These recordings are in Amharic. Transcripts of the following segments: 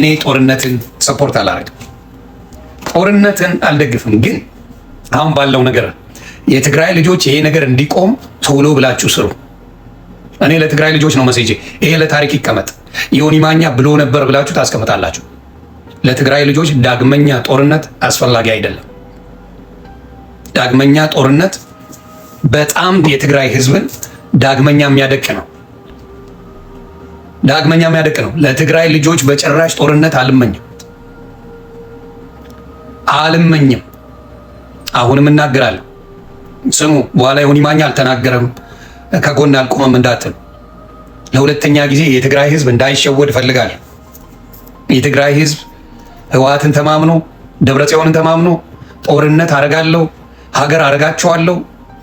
እኔ ጦርነትን ሰፖርት አላረግም፣ ጦርነትን አልደግፍም። ግን አሁን ባለው ነገር የትግራይ ልጆች ይሄ ነገር እንዲቆም ቶሎ ብላችሁ ስሩ። እኔ ለትግራይ ልጆች ነው መሴጄ። ይሄ ለታሪክ ይቀመጥ። ዮኒ ማኛ ብሎ ነበር ብላችሁ ታስቀምጣላችሁ። ለትግራይ ልጆች ዳግመኛ ጦርነት አስፈላጊ አይደለም። ዳግመኛ ጦርነት በጣም የትግራይ ህዝብን ዳግመኛ የሚያደቅ ነው። ዳግመኛ የሚያደቅ ነው። ለትግራይ ልጆች በጭራሽ ጦርነት አልመኝም አልመኝም። አሁንም እናገራለሁ። ስሙ። በኋላ ይሁን ይማኛ አልተናገረም ከጎን አልቆመም እንዳትል። ለሁለተኛ ጊዜ የትግራይ ህዝብ እንዳይሸወድ እፈልጋለሁ። የትግራይ ህዝብ ህወሓትን ተማምኖ ደብረጽዮንን ተማምኖ ጦርነት አረጋለሁ ሀገር አረጋችኋለሁ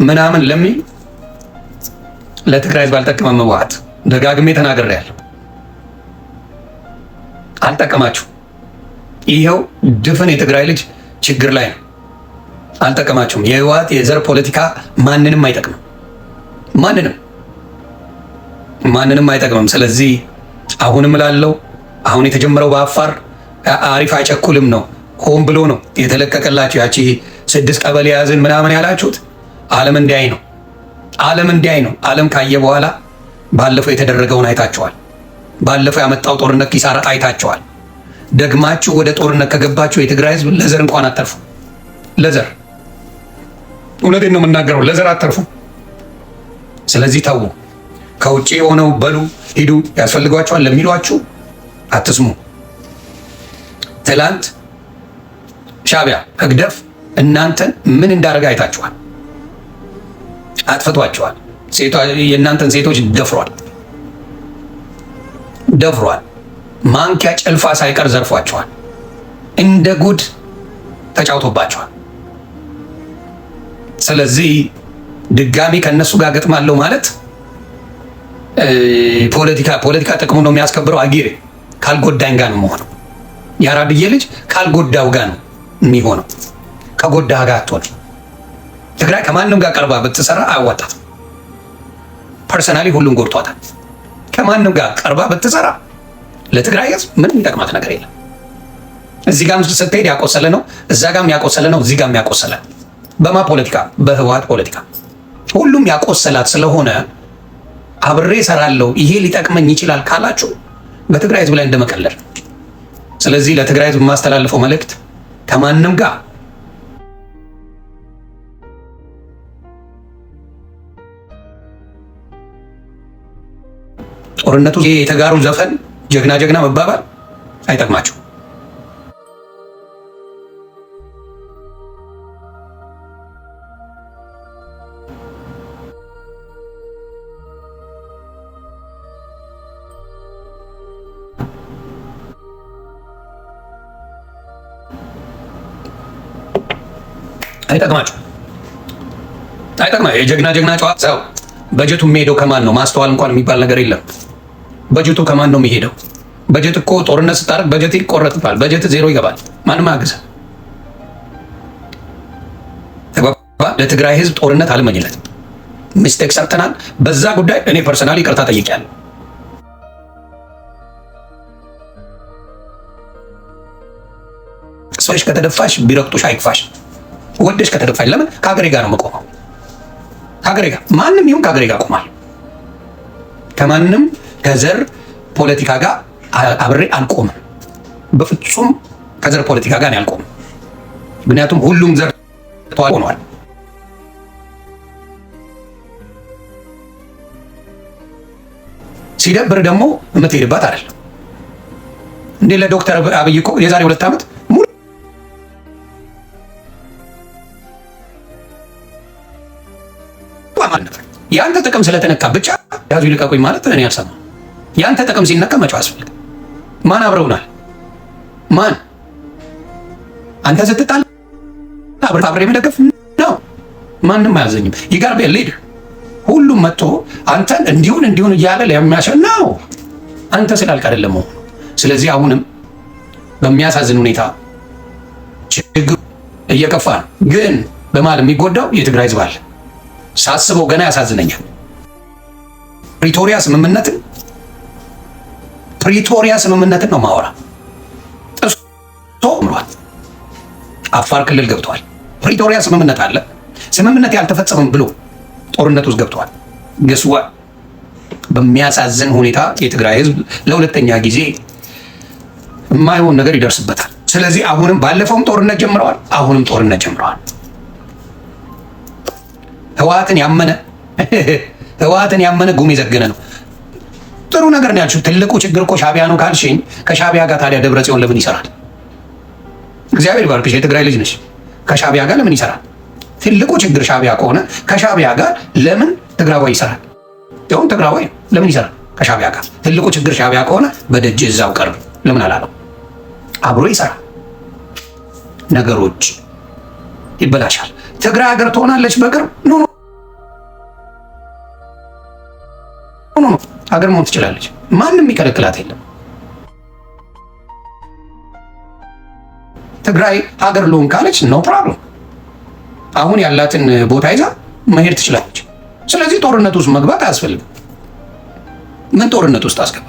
ምናምን ለሚል ለትግራይ ህዝብ አልጠቀመም ህወሓት ደጋግሜ ተናግሬያለሁ። አልጠቀማችሁ። ይኸው ድፍን የትግራይ ልጅ ችግር ላይ ነው። አልጠቀማችሁም። የህወሓት የዘር ፖለቲካ ማንንም አይጠቅምም። ማንንም ማንንም አይጠቅምም። ስለዚህ አሁንም ላለው አሁን የተጀመረው በአፋር አሪፍ አይቸኩልም ነው። ሆን ብሎ ነው የተለቀቀላችሁ። ያቺ ስድስት ቀበሌ የያዝን ምናምን ያላችሁት ዓለም እንዲያይ ነው። ዓለም እንዲያይ ነው። ዓለም ካየ በኋላ ባለፈው የተደረገውን አይታችኋል። ባለፈው ያመጣው ጦርነት ኪሳራ አይታቸዋል። ደግማችሁ ወደ ጦርነት ከገባችሁ የትግራይ ህዝብ ለዘር እንኳን አተርፉ። ለዘር እውነቴን ነው የምናገረው፣ ለዘር አተርፉ። ስለዚህ ተዉ። ከውጭ የሆነው በሉ ሂዱ፣ ያስፈልጓቸዋል ለሚሏችሁ አትስሙ። ትላንት ሻቢያ ህግደፍ እናንተን ምን እንዳደረገ አይታችኋል። አጥፍቷቸዋል። የእናንተን ሴቶች ደፍሯል። ደፍሯል። ማንኪያ ጭልፋ ሳይቀር ዘርፏቸዋል። እንደ ጉድ ተጫውቶባቸዋል። ስለዚህ ድጋሚ ከነሱ ጋር ገጥማለሁ ማለት ፖለቲካ ፖለቲካ ጥቅሙ ነው የሚያስከብረው። አጊሬ ካልጎዳኝ ጋር ነው መሆነው። የአራድዬ ልጅ ካልጎዳው ጋር ነው የሚሆነው። ከጎዳ ጋር አትሆንም። ትግራይ ከማንም ጋር ቀርባ ብትሰራ አያዋጣትም። ፐርሰናሊ ሁሉም ጎድቷታል። ከማንም ጋር ቀርባ ብትሰራ ለትግራይ ህዝብ ምንም የሚጠቅማት ነገር የለም። እዚህ ጋም ስትሄድ ያቆሰለ ነው፣ እዛ ጋም ያቆሰለ ነው፣ እዚህ ጋም ያቆሰለ በማ ፖለቲካ፣ በህወሓት ፖለቲካ ሁሉም ያቆሰላት ስለሆነ አብሬ እሰራለሁ ይሄ ሊጠቅመኝ ይችላል ካላችሁ በትግራይ ህዝብ ላይ እንደመቀለድ። ስለዚህ ለትግራይ ህዝብ የማስተላልፈው መልእክት ከማንም ጋር ጦርነቱ የተጋሩ ዘፈን ጀግና ጀግና መባባል አይጠቅማቸው። አይጠቅማቸው አይጠቅማ የጀግና ጀግና ጨዋ ሰው በጀቱ የሚሄደው ከማን ነው? ማስተዋል እንኳን የሚባል ነገር የለም። በጀቱ ከማን ነው የሚሄደው? በጀት እኮ ጦርነት ስታደርግ በጀት ይቆረጥባል። በጀት ዜሮ ይገባል። ማንም አያግዝም። ለትግራይ ህዝብ ጦርነት አልመኝለትም። ሚስቴክ ሰርተናል። በዛ ጉዳይ እኔ ፐርሰናል ይቅርታ ጠይቄያለሁ። ሰዎች ከተደፋሽ ቢረግጡሽ አይክፋሽ። ወደሽ ከተደፋሽ ለምን ከሀገሬ ጋር ነው የምቆመው። ከሀገሬ ጋር ማንም ይሁን ከሀገሬ ጋር ቆማል። ከማንም ከዘር ፖለቲካ ጋር አብሬ አልቆምም። በፍጹም ከዘር ፖለቲካ ጋር አልቆምም። ምክንያቱም ሁሉም ዘር ተዋል ሆኗል። ሲደብር ደግሞ የምትሄድባት አይደለም እንዴ? ለዶክተር አብይ እኮ የዛሬ ሁለት ዓመት ሙሉ ያንተ ጥቅም ስለተነካ ብቻ ያዙ ይልቀቁኝ ማለት እኔ አልሰማም። ያንተ ጥቅም ሲነካ መጮህ አስፈልግ። ማን አብረውናል? ማን አንተ ስትጣል አብረ መደገፍ ነው። ማንም አያዘኝም። ይጋር ሊድ ሁሉም መጥቶ አንተን እንዲሁን እንዲሁን እያለ ለሚያሸ ነው አንተ ስላልክ አይደለም መሆኑ። ስለዚህ አሁንም በሚያሳዝን ሁኔታ ችግሩ እየከፋ ነው፣ ግን በመሀል የሚጎዳው የትግራይ ህዝብ አለ። ሳስበው ገና ያሳዝነኛል። ፕሪቶሪያ ስምምነትን ፕሪቶሪያ ስምምነትን ነው ማወራ። ጥሶ ምሏል። አፋር ክልል ገብተዋል። ፕሪቶሪያ ስምምነት አለ። ስምምነት ያልተፈጸመም ብሎ ጦርነት ውስጥ ገብተዋል። ገስዋ በሚያሳዝን ሁኔታ የትግራይ ህዝብ ለሁለተኛ ጊዜ የማይሆን ነገር ይደርስበታል። ስለዚህ አሁንም ባለፈውም ጦርነት ጀምረዋል፣ አሁንም ጦርነት ጀምረዋል። ህወሓትን ያመነ ህወሓትን ያመነ ጉም የዘገነ ነው። ጥሩ ነገር ነው ያልሽው። ትልቁ ችግር እኮ ሻቢያ ነው ካልሽኝ፣ ከሻቢያ ጋር ታዲያ ደብረ ጽዮን ለምን ይሰራል? እግዚአብሔር ባርክሽ፣ የትግራይ ልጅ ነሽ። ከሻቢያ ጋር ለምን ይሰራል? ትልቁ ችግር ሻቢያ ከሆነ ከሻቢያ ጋር ለምን ትግራዋይ ይሰራል? ይሁን ትግራዋይ ለምን ይሰራል? ከሻቢያ ጋር ትልቁ ችግር ሻቢያ ከሆነ በደጅ እዛው ቀርብ ለምን አላለው? አብሮ ይሰራል። ነገሮች ይበላሻል። ትግራይ ሀገር ትሆናለች በቅርብ ኖ ሀገር መሆን ትችላለች። ማንም የሚከለክላት የለም። ትግራይ ሀገር ልሆን ካለች ኖ ፕሮብለም፣ አሁን ያላትን ቦታ ይዛ መሄድ ትችላለች። ስለዚህ ጦርነት ውስጥ መግባት አያስፈልግም። ምን ጦርነት ውስጥ አስገባ?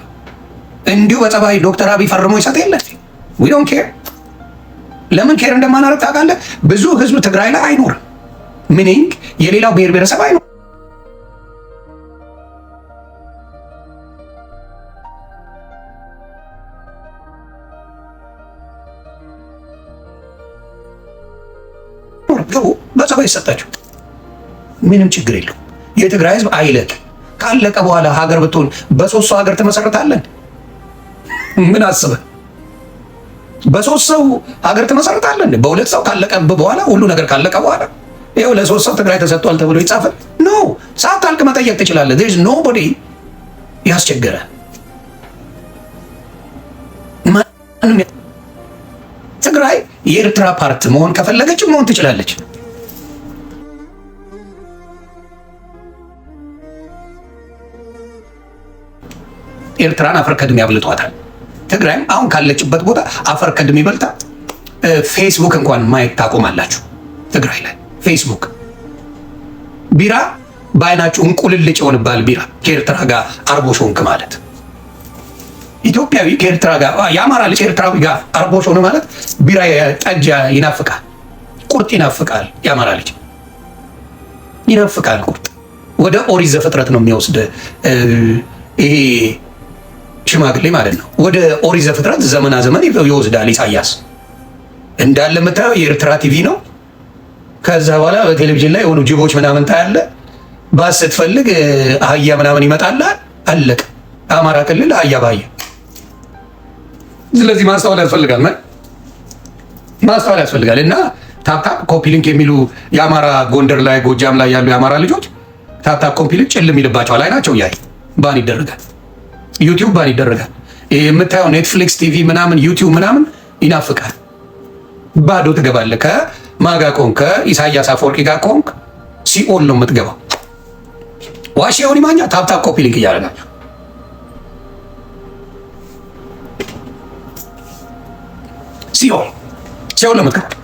እንዲሁ በጸባይ ዶክተር አብይ ፈርሞ ይሰጥ የለ ዊ ዶንት ኬር። ለምን ኬር እንደማናረግ ታውቃለህ? ብዙ ህዝብ ትግራይ ላይ አይኖርም። ሚኒንግ የሌላው ብሔር ብሔረሰብ አይኖርም። ይሰጣቸው፣ ምንም ችግር የለው። የትግራይ ህዝብ አይለቅ። ካለቀ በኋላ ሀገር ብትሆን በሶስት ሰው ሀገር ትመሰርታለን? ምን አስበ? በሶስት ሰው ሀገር ትመሰርታለን? በሁለት ሰው ካለቀ በኋላ ሁሉ ነገር ካለቀ በኋላ ይኸው ለሶስት ሰው ትግራይ ተሰጥቷል ተብሎ ይጻፈል? ኖ ሳታልቅ መጠየቅ ትችላለህ። ዜር ኢዝ ኖቦዲ ያስቸገረ ትግራይ የኤርትራ ፓርት መሆን ከፈለገች መሆን ትችላለች። ኤርትራን አፈር ከድሜ ያብልጧታል። ትግራይም አሁን ካለችበት ቦታ አፈር ከድሜ ይበልጣ። ፌስቡክ እንኳን ማየት ታቆማላችሁ። ትግራይ ላይ ፌስቡክ ቢራ በአይናችሁ እንቁልልጭ ይሆንባል። ቢራ ከኤርትራ ጋር አርቦ ሾንክ ማለት ኢትዮጵያዊ ከኤርትራ ጋር የአማራ ልጅ ኤርትራዊ ጋር አርቦ ሾን ማለት ቢራ ጠጅ ይናፍቃል፣ ቁርጥ ይናፍቃል። የአማራ ልጅ ይናፍቃል ቁርጥ። ወደ ኦሪት ዘፍጥረት ነው የሚወስድ ይሄ ሽማግሌ ማለት ነው። ወደ ኦሪት ዘፍጥረት ዘመና ዘመን ይወስዳል ኢሳያስ እንዳለ የምታየው የኤርትራ ቲቪ ነው። ከዛ በኋላ በቴሌቪዥን ላይ የሆኑ ጅቦች ምናምን ታያለ። ባስ ስትፈልግ አህያ ምናምን ይመጣላል። አለቀ። አማራ ክልል አህያ በአህያ ስለዚህ ማስተዋል ያስፈልጋል፣ ማስተዋል ያስፈልጋል። እና ታፕታፕ ሊንክ የሚሉ የአማራ ጎንደር ላይ ጎጃም ላይ ያሉ የአማራ ልጆች ታፕታፕ ሊንክ ጭልም ይልባቸዋል። አይናቸው እያየ ባን ይደረጋል። ዩቲዩብ ባን ይደረጋል። ይሄ የምታየው ኔትፍሊክስ፣ ቲቪ ምናምን፣ ዩቲዩብ ምናምን ይናፍቃል። ባዶ ትገባለህ። ከማጋ ቆንክ ከኢሳያስ አፈወርቂ ጋር ቆንክ ሲኦል ነው የምትገባው። ዋሽ የሆን ማኛ ታፕታፕ ኮፒ ሊንክ እያደረጋቸው ሲኦል ሲኦል ነው የምትገባው።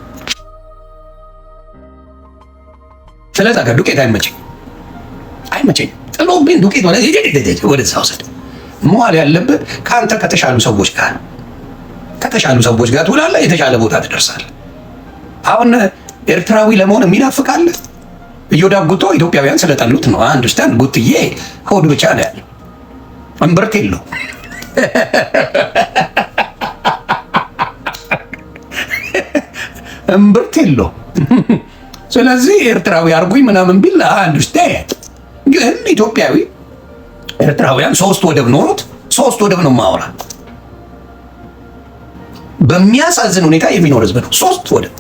ስለዛ ጋር ዱቄት አይመቸኝ አይመቸኝ ጥሎ ዱቄት ማለት ወደዛ ውሰድ መዋል ያለብህ ከአንተ ከተሻሉ ሰዎች ጋር ከተሻሉ ሰዎች ጋር ትውላለህ፣ የተሻለ ቦታ ትደርሳለህ። አሁን ኤርትራዊ ለመሆን የሚናፍቃለ እዮዳብ ጉቶ ኢትዮጵያውያን ስለጠሉት ነው። አንድስታንድ ጉትዬ ሆድ ብቻ ነው ያለው፣ እምብርት የለው። እምብርት የለው። ስለዚህ ኤርትራዊ አርጉኝ ምናምን ቢል አንድስታንድ ግን ኢትዮጵያዊ ኤርትራውያን ሶስት ወደብ ኖሮት ሶስት ወደብ ነው ማውራ። በሚያሳዝን ሁኔታ የሚኖር ህዝብ ነው። ሶስት ወደብ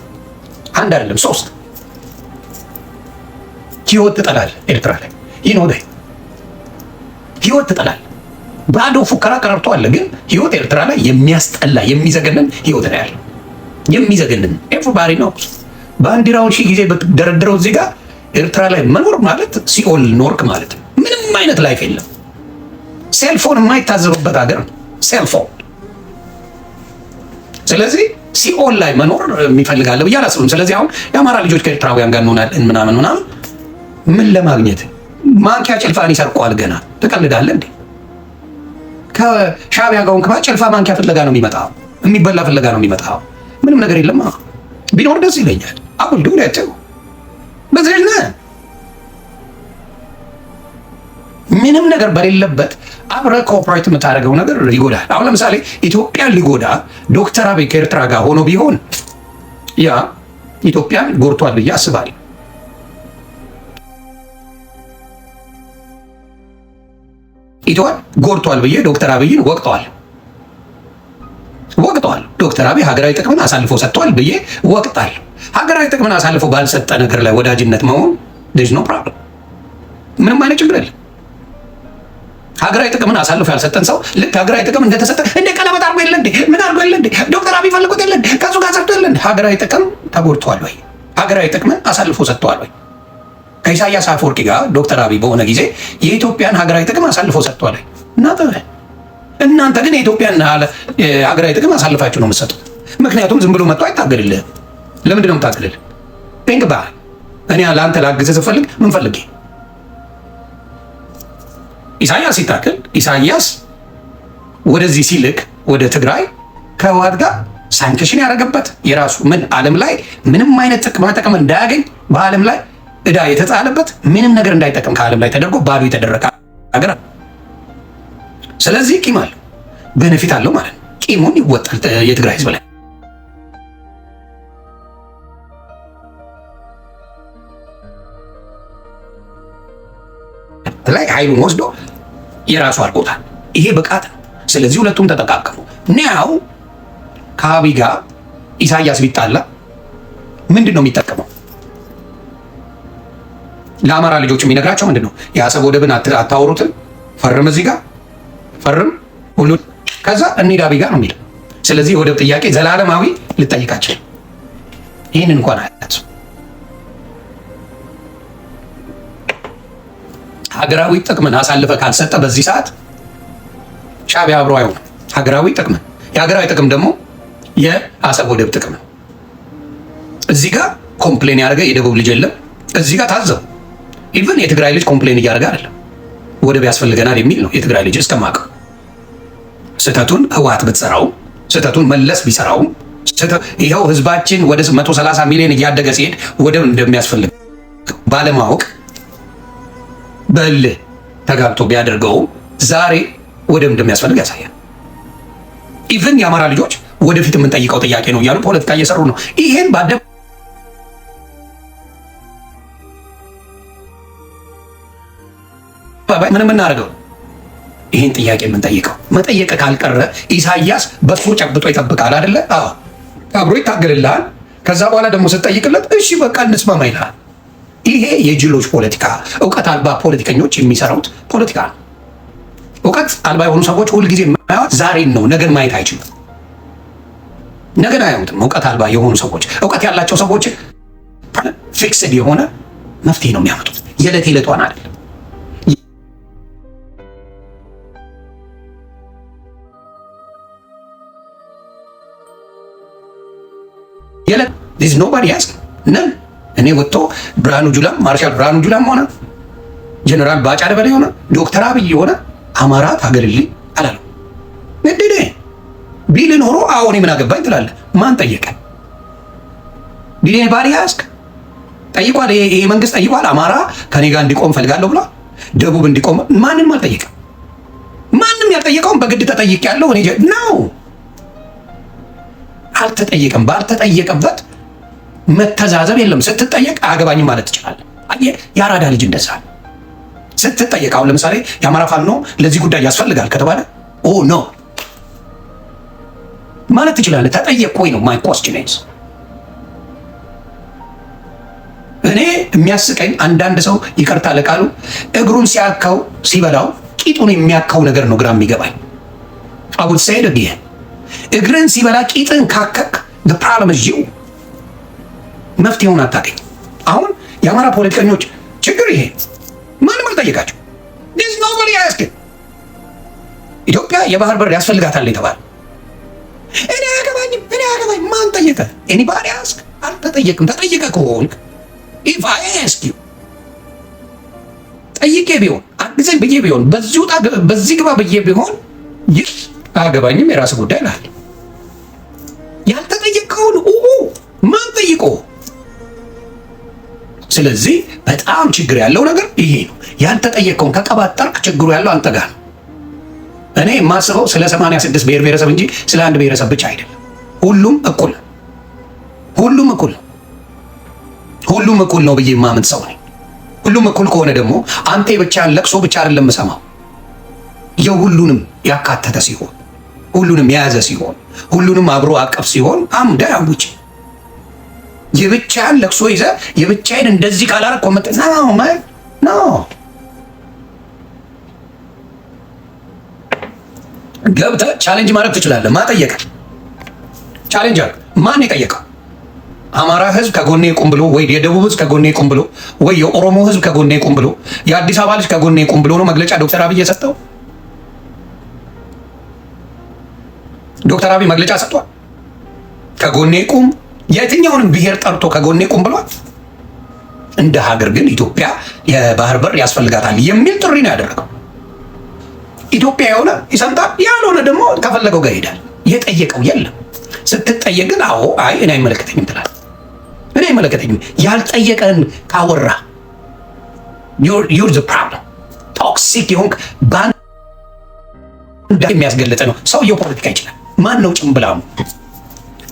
አንድ አይደለም ሶስት። ህይወት ትጠላል ኤርትራ ላይ ይህ ነው። ህይወት ትጠላል። ባዶ ፉከራ ቀረርቶ አለ። ግን ህይወት ኤርትራ ላይ የሚያስጠላ የሚዘገንን ህይወት ነው ያለ የሚዘገንን ኤቭሪባዲ ነው። ባንዲራውን ሺህ ጊዜ በደረደረው እዚህ ጋር ኤርትራ ላይ መኖር ማለት ሲኦል ኖርክ ማለት ምንም አይነት ላይፍ የለም። ሴልፎን የማይታዘቡበት ሀገር ነው ሴልፎን። ስለዚህ ሲኦል ላይ መኖር የሚፈልጋለ ብዬ አላስብም። ስለዚህ አሁን የአማራ ልጆች ከኤርትራውያን ጋር እንሆናለን ምናምን ምናምን ምን ለማግኘት ማንኪያ ጭልፋን ይሰርቋል። ገና ትቀልዳለ እንዴ? ከሻቢያ ጋውን ክባ ጭልፋ ማንኪያ ፍለጋ ነው የሚመጣ የሚበላ ፍለጋ ነው የሚመጣ። ምንም ነገር የለም። ቢኖር ደስ ይለኛል። አሁን ድውዳቸው በዚህ ምንም ነገር በሌለበት አብረ ኮኦፕሬት የምታደርገው ነገር ይጎዳል። አሁን ለምሳሌ ኢትዮጵያን ሊጎዳ ዶክተር አብይ ከኤርትራ ጋር ሆኖ ቢሆን ያ ኢትዮጵያን ጎርቷል ብዬ አስባለሁ። ኢትዮጵያን ጎርቷል ብዬ ዶክተር አብይን ወቅተዋል ወቅተዋል። ዶክተር አብይ ሀገራዊ ጥቅምን አሳልፎ ሰጥቷል ብዬ ወቅታል። ሀገራዊ ጥቅምን አሳልፎ ባልሰጠ ነገር ላይ ወዳጅነት መሆን ኖ ፕሮብለም ምንም አይነት ችግር የለም። ሀገራዊ ጥቅምን አሳልፎ ያልሰጠን ሰው ልክ ሀገራዊ ጥቅም እንደተሰጠ እንደ ቀለበት አርጎ የለ እንዴ ምን አርጎ የለ እንዴ ዶክተር አብይ ፈልጎት የለ እንዴ ከሱ ጋር ሰርቶ የለ እንዴ ሀገራዊ ጥቅም ተጎድቷል ወይ? ሀገራዊ ጥቅምን አሳልፎ ሰጥተዋል ወይ? ከኢሳያስ አፈወርቂ ጋር ዶክተር አብይ በሆነ ጊዜ የኢትዮጵያን ሀገራዊ ጥቅም አሳልፎ ሰጥተዋል ወይ? እናንተ እናንተ ግን የኢትዮጵያን ሀገራዊ ጥቅም አሳልፋችሁ ነው የምትሰጡት። ምክንያቱም ዝም ብሎ መጥቶ አይታገልልህም። ለምንድን ነው የምታገልልህ? ቴንክ እኔ ለአንተ ላግዝህ ስፈልግ ምን ፈልጌ ኢሳያስ ሲታክል ኢሳያስ ወደዚህ ሲልክ ወደ ትግራይ ከህወሓት ጋር ሳንክሽን ያደረገበት የራሱ ምን ዓለም ላይ ምንም አይነት ጥቅማ ጥቅም እንዳያገኝ በዓለም ላይ እዳ የተጣለበት ምንም ነገር እንዳይጠቅም ከዓለም ላይ ተደርጎ ባዶ የተደረገ ሀገር። ስለዚህ ቂም አለው በነፊት አለው ማለት ነው። ቂሙን ይወጣል የትግራይ ህዝብ ላይ ላይ ኃይሉን ወስዶ የራሱ አድርጎታል። ይሄ ብቃት ነው። ስለዚህ ሁለቱም ተጠቃቀሙ። ኒያው ከአብይ ጋር ኢሳያስ ቢጣላ ምንድን ነው የሚጠቀመው? ለአማራ ልጆች የሚነግራቸው ምንድን ነው? የአሰብ ወደብን አታወሩትም? ፈርም፣ እዚህ ጋር ፈርም፣ ሁሉ ከዛ እንሂድ አብይ ጋር ነው የሚለው። ስለዚህ የወደብ ጥያቄ ዘላለማዊ ልጠይቃቸው ይህን እንኳን አያት ሀገራዊ ጥቅምን አሳልፈ ካልሰጠ በዚህ ሰዓት ሻዕቢያ አብሮ አይሆንም። ሀገራዊ ጥቅም የሀገራዊ ጥቅም ደግሞ የአሰብ ወደብ ጥቅም ነው። እዚህ ጋር ኮምፕሌን ያደረገ የደቡብ ልጅ የለም። እዚህ ጋር ታዘው ኢቨን የትግራይ ልጅ ኮምፕሌን እያደረገ አይደለም። ወደብ ያስፈልገናል የሚል ነው የትግራይ ልጅ እስከማቀ ስህተቱን ህወሓት ብትሰራው ስህተቱን መለስ ቢሰራውም ይኸው ህዝባችን ወደ 130 ሚሊዮን እያደገ ሲሄድ ወደብ እንደሚያስፈልግ ባለማወቅ በእልህ ተጋብቶ ቢያደርገውም ዛሬ ወደም እንደሚያስፈልግ ያሳያል። ኢቨን የአማራ ልጆች ወደፊት የምንጠይቀው ጥያቄ ነው እያሉ ፖለቲካ እየሰሩ ነው። ይሄን በአደ ምን የምናደርገው ይህን ጥያቄ የምንጠይቀው መጠየቅ ካልቀረ ኢሳያስ በሱ ጨብጦ ይጠብቃል አይደለ? አዎ አብሮ ይታገልልሃል። ከዛ በኋላ ደግሞ ስትጠይቅለት እሺ በቃ እንስማማ ይልሃል። ይሄ የጅሎች ፖለቲካ፣ እውቀት አልባ ፖለቲከኞች የሚሰሩት ፖለቲካ ነው። እውቀት አልባ የሆኑ ሰዎች ሁልጊዜ የማያዩት ዛሬን ነው፣ ነገን ማየት አይችሉም። ነገን አያዩትም። እውቀት አልባ የሆኑ ሰዎች፣ እውቀት ያላቸው ሰዎች ፊክስድ የሆነ መፍትሄ ነው የሚያመጡት። የዕለት የዕለቷን አይደለም። የዕለት ኖባዲ ያስ ነን እኔ ወጥቶ ብርሃኑ ጁላም ማርሻል ብርሃኑ ጁላም ሆነ ጀነራል ባጫ ደበሌ ሆነ ዶክተር አብይ ሆነ አማራ ታገልልኝ አላለም። ንድኔ ቢል ኖሮ አሁን ምን አገባኝ ትላለ። ማን ጠየቀ? ዲኔ ባሪ ያስክ ጠይቋል። ይሄ መንግስት ጠይቋል። አማራ ከኔ ጋር እንዲቆም ፈልጋለሁ ብሏል። ደቡብ እንዲቆም ማንም አልጠየቀም። ማንም ያልጠየቀውም በግድ ተጠይቅ ያለው እኔ ነው አልተጠየቀም። ባልተጠየቀበት መተዛዘብ የለም። ስትጠየቅ አገባኝ ማለት ትችላለህ። አየህ፣ የአራዳ ልጅ እንደዛ ስትጠየቅ፣ አሁን ለምሳሌ የአማራ ፋኖ ለዚህ ጉዳይ ያስፈልጋል ከተባለ ኦ ኖ ማለት ትችላለህ። ተጠየቅ ወይ ነው ማይ ኮስችኔስ። እኔ የሚያስቀኝ አንዳንድ ሰው ይቅርታ ለቃሉ እግሩን ሲያካው ሲበላው ቂጡን የሚያካው ነገር ነው ግራ የሚገባኝ። አቡት ሰይድ እግርን ሲበላ ቂጥን ካከክ ፕሮብለም ፕራብለም መፍትሄውን አታገኝ። አሁን የአማራ ፖለቲከኞች ችግር ይሄ ማንም አልጠየቃቸው። ዲስ ኖበዲ አስክ ኢትዮጵያ የባህር በር ያስፈልጋታል የተባለ እኔ አያገባኝም፣ እኔ አያገባኝም። ማን ጠየቀ? ኤኒባዲ አስክ አልተጠየቅም። ተጠየቀ ከሆንክ ኢፍ አይ አስክ ዩ ጠይቄ ቢሆን አግዘኝ ብዬ ቢሆን በዚሁ በዚህ ግባ ብዬ ቢሆን ይህ አያገባኝም የራስ ጉዳይ ላል ያልተጠየቀውን ኡ ማን ጠይቆ ስለዚህ በጣም ችግር ያለው ነገር ይሄ ነው። ያልተጠየቀውን ከቀባጠርክ ችግሩ ያለው አንተ ጋር ነው። እኔ የማስበው ስለ 86 ብሔር ብሔረሰብ እንጂ ስለ አንድ ብሔረሰብ ብቻ አይደለም። ሁሉም እኩል ሁሉም እኩል ሁሉም እኩል ነው ብዬ የማምን ሰው ነኝ። ሁሉም እኩል ከሆነ ደግሞ አንተ ብቻህን ለቅሶ ብቻ አይደለም የምሰማው የሁሉንም ያካተተ ሲሆን ሁሉንም የያዘ ሲሆን ሁሉንም አብሮ አቀፍ ሲሆን አምደ ያውጭ የብቻህን ለቅሶ ይዘ የብቻህን እንደዚህ ካላረግ ኮመጥ ማ ነው ገብተ ቻሌንጅ ማድረግ ትችላለህ። ማን ጠየቀ? ቻሌንጅ አድርግ። ማን የጠየቀው? አማራ ህዝብ ከጎኔ ቁም ብሎ ወይ የደቡብ ህዝብ ከጎኔ ቁም ብሎ ወይ የኦሮሞ ህዝብ ከጎኔ ቁም ብሎ የአዲስ አበባ ልጅ ከጎኔ ቁም ብሎ ነው መግለጫ ዶክተር አብይ የሰጠው። ዶክተር አብይ መግለጫ ሰጥቷል። ከጎኔ ቁም የትኛውንም ብሔር ጠርቶ ከጎኔ ቁም ብሏል። እንደ ሀገር ግን ኢትዮጵያ የባህር በር ያስፈልጋታል የሚል ጥሪ ነው ያደረገው። ኢትዮጵያ የሆነ ይሰምታል፣ ያልሆነ ደግሞ ከፈለገው ጋር ይሄዳል። የጠየቀው የለም። ስትጠየቅ ግን አዎ፣ አይ እኔ አይመለከተኝም ትላለህ። እኔ አይመለከተኝም ያልጠየቀን ካወራ ዩር ፕሮብለም ቶክሲክ የሆንክ ባንዳ የሚያስገለጠ ነው። ሰውየው ፖለቲካ ይችላል። ማን ነው ጭምብላሙ?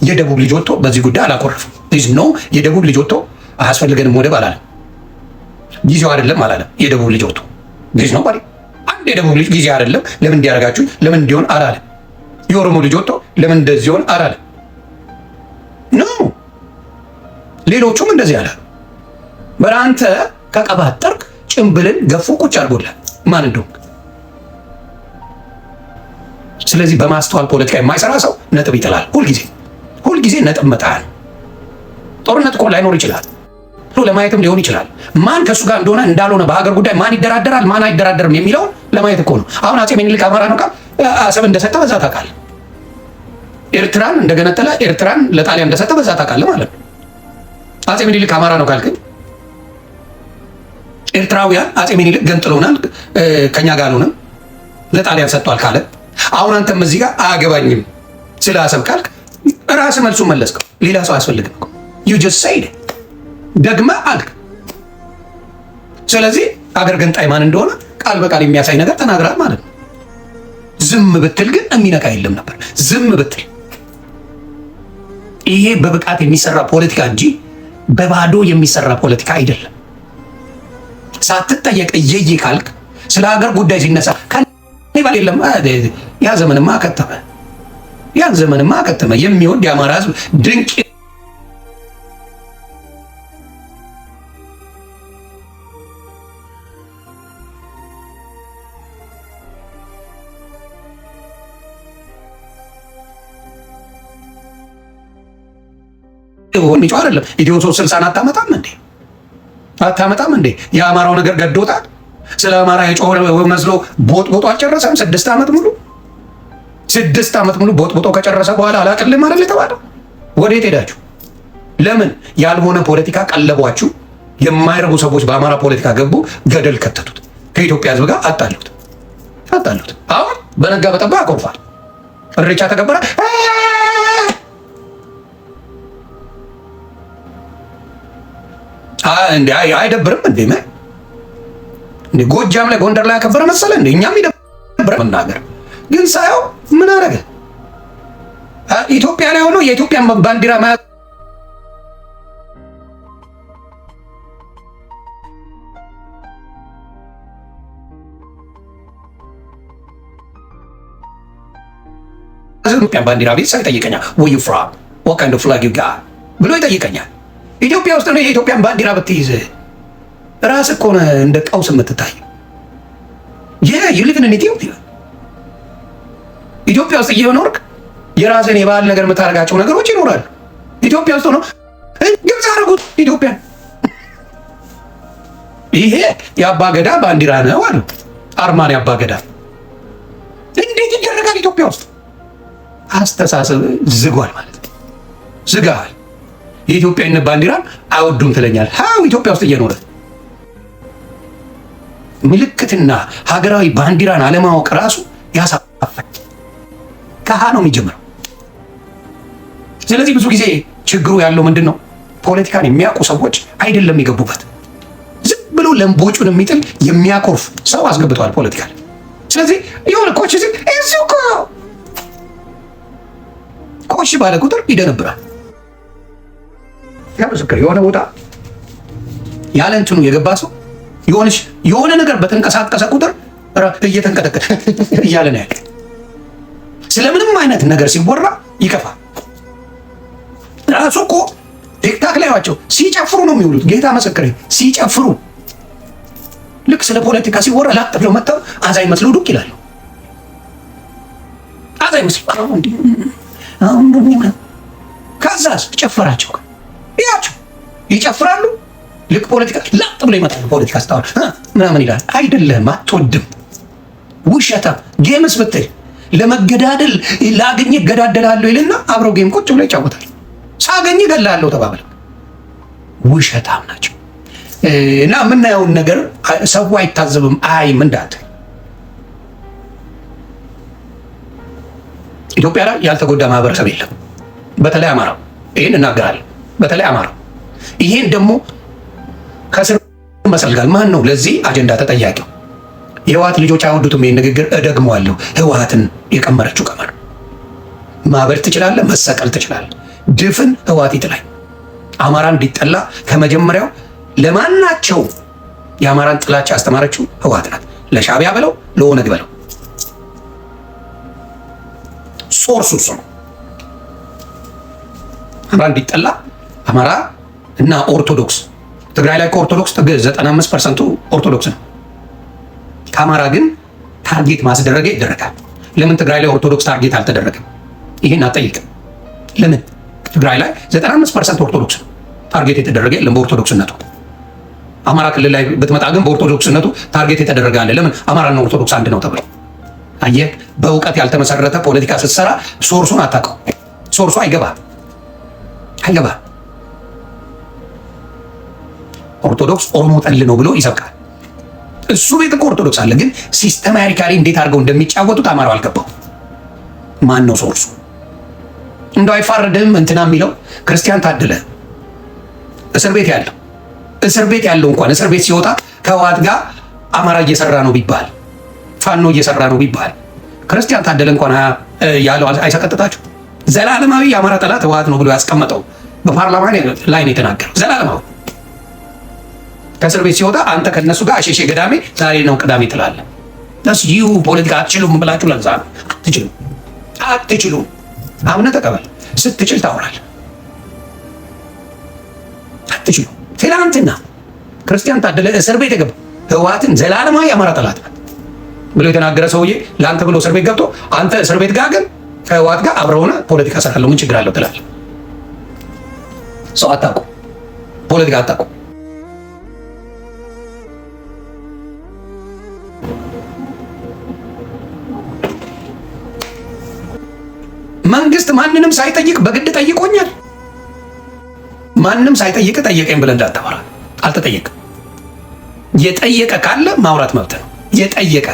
የደቡብ ልጅ ወጥቶ በዚህ ጉዳይ አላኮረፍም። ፕሊዝ ኖ የደቡብ ልጅ ወጥቶ አያስፈልገንም ወደብ አላለም። ጊዜው አይደለም አላለም። የደቡብ ልጅ ወጥቶ ፕሊዝ ኖ ባሪ አንድ የደቡብ ልጅ ጊዜ አይደለም ለምን እንዲያደርጋችሁ ለምን እንዲሆን አላለም። የኦሮሞ ልጅ ወጥቶ ለምን እንደዚህ ሆን አላለም። ኖ ሌሎቹም እንደዚህ አላሉ። በራንተ ከቀባጠርክ ጭምብልን ገፉ ቁጭ አድርጎላል ማን እንደሆንክ። ስለዚህ በማስተዋል ፖለቲካ የማይሰራ ሰው ነጥብ ይጥላል ሁልጊዜ። ሁልጊዜ ነጥምጣል። ጦርነት እኮ ላይኖር ይችላል፣ ለማየትም ሊሆን ይችላል። ማን ከእሱ ጋር እንደሆነ እንዳልሆነ፣ በሀገር ጉዳይ ማን ይደራደራል ማን አይደራደርም የሚለውን ለማየት እኮ ነው። አሁን አፄ ምኒልክ አማራ ነው አሰብ እንደሰጠ በዛ ታውቃለህ። ኤርትራን እንደገነጠለ ኤርትራን ለጣሊያን እንደሰጠ በዛ ታውቃለህ ማለት ነው። አፄ ምኒልክ አማራ ነው ካልክ ኤርትራውያን አጼ ምኒልክ ገንጥሎናል፣ ከኛ ጋር አልሆነም፣ ለጣሊያን ሰጥቷል ካለ አሁን አንተም እዚህ ጋር አያገባኝም ስለ አሰብ ካልክ ራስህ መልሱ መለስከው። ሌላ ሰው አያስፈልግም። ዩ ጀስት ሰይድ ደግመ አልክ። ስለዚህ አገር ገንጣይ ማን እንደሆነ ቃል በቃል የሚያሳይ ነገር ተናግራል ማለት ነው። ዝም ብትል ግን የሚነቃ የለም ነበር። ዝም ብትል ይሄ በብቃት የሚሰራ ፖለቲካ እንጂ በባዶ የሚሰራ ፖለቲካ አይደለም። ሳትጠየቅ እየዬ ካልክ ስለ ሀገር ጉዳይ ሲነሳ ከኔ ባል የለም ያ ዘመንማ ከተመ ያን ዘመንማ አከተመ። የሚወድ የአማራ ህዝብ ድንቅ ሆን የሚጮህ አይደለም። ኢትዮ ሶስት ስልሳን አታመጣም እንዴ? አታመጣም እንዴ? የአማራው ነገር ገዶታል። ስለ አማራ የጮኸ መስሎ ቦጥ ቦጦ አልጨረሰም። ስድስት ዓመት ሙሉ ስድስት ዓመት ሙሉ ቦጥቦጦ ከጨረሰ በኋላ አላቅልም አይደል የተባለው። ወዴት ሄዳችሁ? ለምን ያልሆነ ፖለቲካ ቀለቧችሁ? የማይረቡ ሰዎች በአማራ ፖለቲካ ገቡ፣ ገደል ከተቱት፣ ከኢትዮጵያ ህዝብ ጋር አጣሉት አጣሉት። አሁን በነጋ በጠባ ያኮርፋል። እሬቻ ተከበረ። አይደብርም እንዴ? ጎጃም ላይ ጎንደር ላይ ያከበረ መሰለ እንዴ? እኛም ይደብረ መናገር ግን ሳየው ምን አረገ? ኢትዮጵያ ላይ ሆኖ የኢትዮጵያን ባንዲራ ማያ ኢትዮጵያን ባንዲራ ቤት ሰው ይጠይቀኛል ወዩ ፍራ ወካንዶ ፍላግ ዩ ጋ ብሎ ይጠይቀኛል። ኢትዮጵያ ውስጥ ነው የኢትዮጵያን ባንዲራ ብትይዝ ራስ እኮ ነህ እንደ ቀውስ የምትታይ ይህ ዩ ኢትዮጵያ ኢትዮጵያ ውስጥ እየኖርክ የራስን የባህል ነገር የምታደርጋቸው ነገሮች ይኖራሉ። ኢትዮጵያ ውስጥ ነው ግብፅ አደረጉት ኢትዮጵያ ይሄ የአባገዳ ባንዲራ ነው አሉ። አርማን የአባገዳ እንዴት ይደረጋል? ኢትዮጵያ ውስጥ አስተሳሰብ ዝጓል ማለት ነው። ዝጋል። የኢትዮጵያዊነት ባንዲራን አይወዱም ትለኛል። ሀው ኢትዮጵያ ውስጥ እየኖረ ምልክትና ሀገራዊ ባንዲራን አለማወቅ ራሱ ያሳፋል። ከሀ ነው የሚጀምረው። ስለዚህ ብዙ ጊዜ ችግሩ ያለው ምንድን ነው? ፖለቲካን የሚያውቁ ሰዎች አይደለም የገቡበት። ዝም ብሎ ለምቦጩን የሚጥል የሚያኮርፍ ሰው አስገብተዋል ፖለቲካ። ስለዚህ የሆነ ኮች እዚሁ ኮች ባለ ቁጥር ይደነብራል። ያ ምስክር የሆነ ቦታ ያለ እንትኑ የገባ ሰው የሆነ ነገር በተንቀሳቀሰ ቁጥር እየተንቀጠቀጠ እያለ ነው ያለ ስለምንም አይነት ነገር ሲወራ ይከፋ። ራሱ እኮ ቲክታክ ላይ ላይዋቸው ሲጨፍሩ ነው የሚውሉት። ጌታ መሰክሬ ሲጨፍሩ ልክ ስለ ፖለቲካ ሲወራ ላጥ ብለው መጥተው አዛኝ መስለው ዱቅ ይላሉ። አዛኝ መስለው ከዛስ ጨፈራቸው ያቸው ይጨፍራሉ። ልክ ፖለቲካ ላጥ ብለው ይመጣሉ። ፖለቲካ ስታወራ ምናምን ይላል። አይደለም አትወድም፣ ውሸታም ጌምስ ብትል ለመገዳደል ለአገኘ እገዳደላለሁ ይልና አብረው ጌም ቁጭ ብሎ ይጫወታል። ሳገኝ እገላለሁ ተባብለው ውሸታም ናቸው። እና የምናየውን ነገር ሰው አይታዘብም አይ ምንዳት ኢትዮጵያ ላይ ያልተጎዳ ማህበረሰብ የለም። በተለይ አማራው ይህን እናገራለሁ። በተለይ አማራው ይሄን ደግሞ ከስር መሰልጋል። ማን ነው ለዚህ አጀንዳ ተጠያቂው? የህወሓት ልጆች አይወዱትም። ይህን ንግግር እደግመዋለሁ። ህወሓትን የቀመረችው ቀማ ነው። ማበድ ትችላለ፣ መሰቀል ትችላለህ። ድፍን ህወሓት ይጥላኝ። አማራ እንዲጠላ ከመጀመሪያው ለማናቸው የአማራን ጥላቻ ያስተማረችው ህወሓት ናት። ለሻቢያ በለው፣ ለኦነግ በለው፣ ሶርሱ እሱ ነው። አማራ እንዲጠላ አማራ እና ኦርቶዶክስ ትግራይ ላይ ከኦርቶዶክስ 95 ፐርሰንቱ ኦርቶዶክስ ነው። ከአማራ ግን ታርጌት ማስደረገ ይደረጋል። ለምን ትግራይ ላይ ኦርቶዶክስ ታርጌት አልተደረገም? ይህን አጠይቅም። ለምን ትግራይ ላይ 95 ፐርሰንት ኦርቶዶክስ ነው ታርጌት የተደረገ የለም በኦርቶዶክስነቱ። አማራ ክልል ላይ ብትመጣ ግን በኦርቶዶክስነቱ ታርጌት የተደረገ አለ። ለምን አማራና ኦርቶዶክስ አንድ ነው ተብሎ አየህ። በእውቀት ያልተመሰረተ ፖለቲካ ስትሰራ ሶርሱን አታውቀው። ሶርሱ አይገባ አይገባ። ኦርቶዶክስ ኦሮሞ ጠል ነው ብሎ ይሰብካል። እሱ ቤት እኮ ኦርቶዶክስ አለ። ግን ሲስተማሪካሊ እንዴት አድርገው እንደሚጫወቱት አማራው አልገባው። ማን ነው ሶርሱ? እንደው አይፋረድህም እንትና የሚለው ክርስቲያን ታደለ እስር ቤት ያለው እስር ቤት ያለው እንኳን እስር ቤት ሲወጣ ከህወሓት ጋር አማራ እየሰራ ነው ቢባል ፋኖ እየሰራ ነው ቢባል ክርስቲያን ታደለ እንኳን ያለው አይሰቀጥጣቸው። ዘላለማዊ የአማራ ጠላት ህወሓት ነው ብሎ ያስቀመጠው በፓርላማ ላይ ነው የተናገረው። ዘላለማዊ ከእስር ቤት ሲወጣ አንተ ከነሱ ጋር አሸሼ ገዳሜ ዛሬ ነው ቅዳሜ ትላለ። ስ ይሁ ፖለቲካ አትችሉም ብላችሁ ለዛ ነው አትችሉም፣ አትችሉም። አሁን ተቀበል። ስትችል ታውራል አትችሉ ትላንትና ክርስቲያን ታደለ እስር ቤት ገባ ህወሓትን ዘላለማዊ የአማራ ጠላት ብሎ የተናገረ ሰውዬ ለአንተ ብሎ እስር ቤት ገብቶ አንተ እስር ቤት ጋር ግን ከህወሓት ጋር አብረህ ፖለቲካ ሰራለሁ ምን ችግር አለው ትላለህ። ሰው አታውቁም፣ ፖለቲካ አታውቁም። መንግስት ማንንም ሳይጠይቅ በግድ ጠይቆኛል። ማንም ሳይጠይቅ ጠየቀኝ ብለን እንዳታወራ። አልተጠየቀም። የጠየቀ ካለ ማውራት መብት ነው። የጠየቀ